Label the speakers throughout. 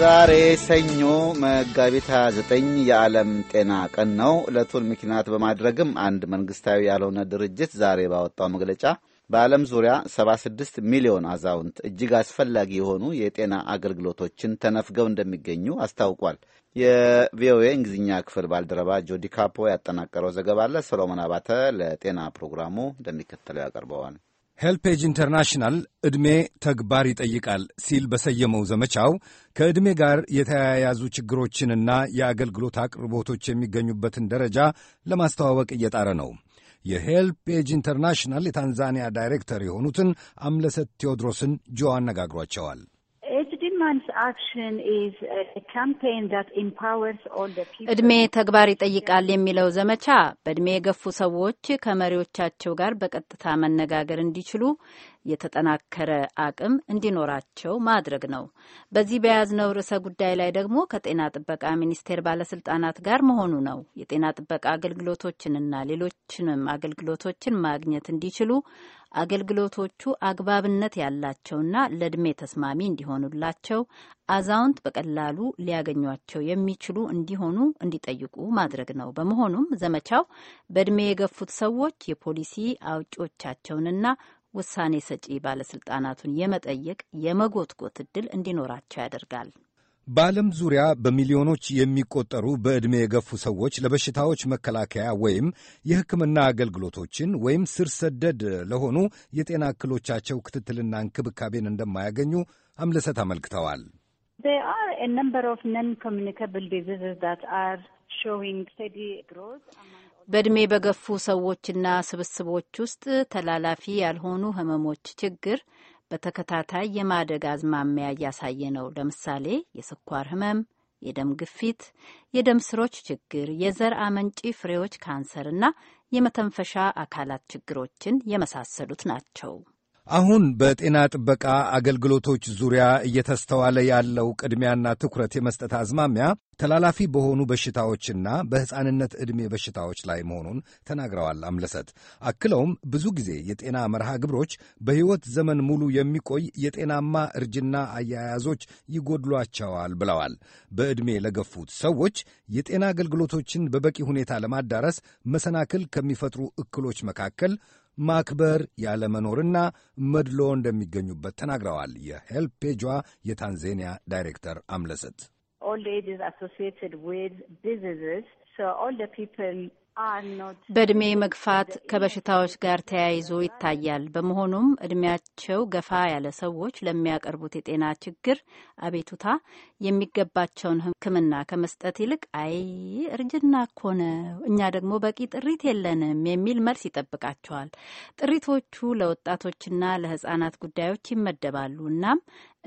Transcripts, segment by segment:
Speaker 1: ዛሬ ሰኞ መጋቢት 29 የዓለም ጤና ቀን ነው። ዕለቱን ምክንያት በማድረግም አንድ መንግስታዊ ያልሆነ ድርጅት ዛሬ ባወጣው መግለጫ በዓለም ዙሪያ 76 ሚሊዮን አዛውንት እጅግ አስፈላጊ የሆኑ የጤና አገልግሎቶችን ተነፍገው እንደሚገኙ አስታውቋል። የቪኦኤ እንግሊዝኛ ክፍል ባልደረባ ጆዲ ካፖ ያጠናቀረው ዘገባ አለ። ሰሎሞን አባተ ለጤና ፕሮግራሙ እንደሚከተለው ያቀርበዋል። ሄልፔጅ ኢንተርናሽናል ዕድሜ ተግባር ይጠይቃል ሲል በሰየመው ዘመቻው ከዕድሜ ጋር የተያያዙ ችግሮችንና የአገልግሎት አቅርቦቶች የሚገኙበትን ደረጃ ለማስተዋወቅ እየጣረ ነው። የሄልፔጅ ኢንተርናሽናል የታንዛኒያ ዳይሬክተር የሆኑትን አምለሰት ቴዎድሮስን ጆ አነጋግሯቸዋል።
Speaker 2: እድሜ ተግባር ይጠይቃል የሚለው ዘመቻ በእድሜ የገፉ ሰዎች ከመሪዎቻቸው ጋር በቀጥታ መነጋገር እንዲችሉ የተጠናከረ አቅም እንዲኖራቸው ማድረግ ነው። በዚህ በያዝነው ርዕሰ ጉዳይ ላይ ደግሞ ከጤና ጥበቃ ሚኒስቴር ባለስልጣናት ጋር መሆኑ ነው። የጤና ጥበቃ አገልግሎቶችንና ሌሎችንም አገልግሎቶችን ማግኘት እንዲችሉ አገልግሎቶቹ አግባብነት ያላቸውና ለዕድሜ ተስማሚ እንዲሆኑላቸው አዛውንት በቀላሉ ሊያገኟቸው የሚችሉ እንዲሆኑ እንዲጠይቁ ማድረግ ነው። በመሆኑም ዘመቻው በዕድሜ የገፉት ሰዎች የፖሊሲ አውጪዎቻቸውንና ውሳኔ ሰጪ ባለስልጣናቱን የመጠየቅ የመጎትጎት እድል እንዲኖራቸው ያደርጋል።
Speaker 1: በዓለም ዙሪያ በሚሊዮኖች የሚቆጠሩ በዕድሜ የገፉ ሰዎች ለበሽታዎች መከላከያ ወይም የሕክምና አገልግሎቶችን ወይም ስር ሰደድ ለሆኑ የጤና እክሎቻቸው ክትትልና እንክብካቤን እንደማያገኙ አምለሰት አመልክተዋል።
Speaker 2: በዕድሜ በገፉ ሰዎችና ስብስቦች ውስጥ ተላላፊ ያልሆኑ ህመሞች ችግር በተከታታይ የማደግ አዝማሚያ እያሳየ ነው። ለምሳሌ የስኳር ህመም፣ የደም ግፊት፣ የደም ስሮች ችግር፣ የዘር አመንጪ ፍሬዎች ካንሰርና የመተንፈሻ አካላት ችግሮችን የመሳሰሉት ናቸው።
Speaker 1: አሁን በጤና ጥበቃ አገልግሎቶች ዙሪያ እየተስተዋለ ያለው ቅድሚያና ትኩረት የመስጠት አዝማሚያ ተላላፊ በሆኑ በሽታዎችና በሕፃንነት ዕድሜ በሽታዎች ላይ መሆኑን ተናግረዋል አምለሰት። አክለውም ብዙ ጊዜ የጤና መርሃ ግብሮች በሕይወት ዘመን ሙሉ የሚቆይ የጤናማ እርጅና አያያዞች ይጎድሏቸዋል ብለዋል። በዕድሜ ለገፉት ሰዎች የጤና አገልግሎቶችን በበቂ ሁኔታ ለማዳረስ መሰናክል ከሚፈጥሩ እክሎች መካከል ማክበር ያለመኖርና መድሎ እንደሚገኙበት ተናግረዋል። የሄልፔጇ የታንዛኒያ ዳይሬክተር
Speaker 2: አምለሰት ኦልድ ኤጅ አሶሲየትድ ዊዝ በእድሜ መግፋት ከበሽታዎች ጋር ተያይዞ ይታያል። በመሆኑም እድሜያቸው ገፋ ያለ ሰዎች ለሚያቀርቡት የጤና ችግር አቤቱታ የሚገባቸውን ሕክምና ከመስጠት ይልቅ አይ እርጅና እኮ ነው፣ እኛ ደግሞ በቂ ጥሪት የለንም የሚል መልስ ይጠብቃቸዋል። ጥሪቶቹ ለወጣቶችና ለሕጻናት ጉዳዮች ይመደባሉ። እናም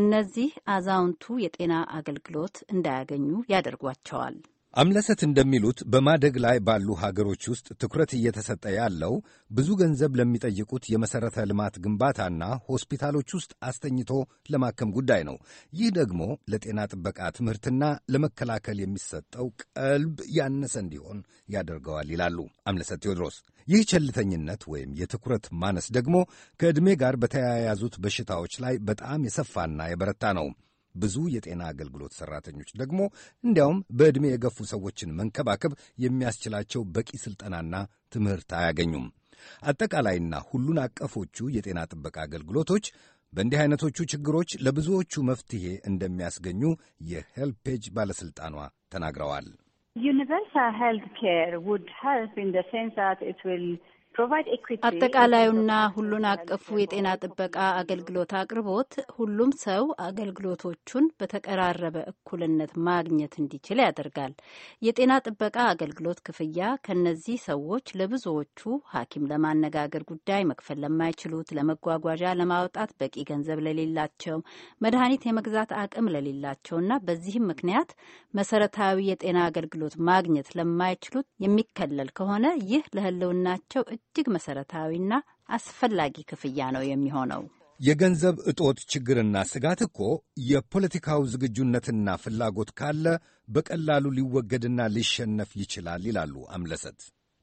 Speaker 2: እነዚህ አዛውንቱ የጤና አገልግሎት እንዳያገኙ ያደርጓቸዋል።
Speaker 1: አምለሰት እንደሚሉት በማደግ ላይ ባሉ ሀገሮች ውስጥ ትኩረት እየተሰጠ ያለው ብዙ ገንዘብ ለሚጠይቁት የመሠረተ ልማት ግንባታና ሆስፒታሎች ውስጥ አስተኝቶ ለማከም ጉዳይ ነው። ይህ ደግሞ ለጤና ጥበቃ ትምህርትና ለመከላከል የሚሰጠው ቀልብ ያነሰ እንዲሆን ያደርገዋል ይላሉ አምለሰት ቴዎድሮስ። ይህ ቸልተኝነት ወይም የትኩረት ማነስ ደግሞ ከዕድሜ ጋር በተያያዙት በሽታዎች ላይ በጣም የሰፋና የበረታ ነው። ብዙ የጤና አገልግሎት ሰራተኞች ደግሞ እንዲያውም በዕድሜ የገፉ ሰዎችን መንከባከብ የሚያስችላቸው በቂ ስልጠናና ትምህርት አያገኙም። አጠቃላይና ሁሉን አቀፎቹ የጤና ጥበቃ አገልግሎቶች በእንዲህ አይነቶቹ ችግሮች ለብዙዎቹ መፍትሄ እንደሚያስገኙ የሄልፔጅ ባለሥልጣኗ ተናግረዋል።
Speaker 2: ዩኒቨርሳል ሄልት ኬር ውድ ሄልፕ ኢን ሴንስ ዛት ኢት ዊል አጠቃላዩና ሁሉን አቀፉ የጤና ጥበቃ አገልግሎት አቅርቦት ሁሉም ሰው አገልግሎቶቹን በተቀራረበ እኩልነት ማግኘት እንዲችል ያደርጋል። የጤና ጥበቃ አገልግሎት ክፍያ ከነዚህ ሰዎች ለብዙዎቹ ሐኪም ለማነጋገር ጉዳይ መክፈል ለማይችሉት፣ ለመጓጓዣ ለማውጣት በቂ ገንዘብ ለሌላቸው፣ መድኃኒት የመግዛት አቅም ለሌላቸውና በዚህም ምክንያት መሰረታዊ የጤና አገልግሎት ማግኘት ለማይችሉት የሚከለል ከሆነ ይህ ለህልውናቸው እጅግ መሰረታዊና አስፈላጊ ክፍያ ነው የሚሆነው።
Speaker 1: የገንዘብ እጦት ችግርና ስጋት እኮ የፖለቲካው ዝግጁነትና ፍላጎት ካለ በቀላሉ ሊወገድና ሊሸነፍ ይችላል ይላሉ
Speaker 2: አምለሰት።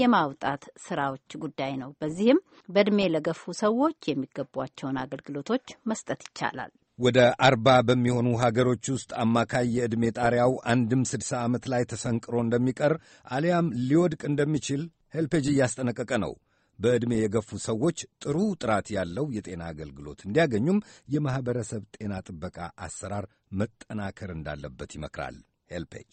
Speaker 2: የማውጣት ስራዎች ጉዳይ ነው። በዚህም በእድሜ ለገፉ ሰዎች የሚገቧቸውን አገልግሎቶች መስጠት ይቻላል።
Speaker 1: ወደ አርባ በሚሆኑ ሀገሮች ውስጥ አማካይ የዕድሜ ጣሪያው አንድም ስድሳ ዓመት ላይ ተሰንቅሮ እንደሚቀር አሊያም ሊወድቅ እንደሚችል ሄልፔጅ እያስጠነቀቀ ነው። በዕድሜ የገፉ ሰዎች ጥሩ ጥራት ያለው የጤና አገልግሎት እንዲያገኙም የማኅበረሰብ ጤና ጥበቃ አሰራር መጠናከር እንዳለበት ይመክራል ሄልፔጅ።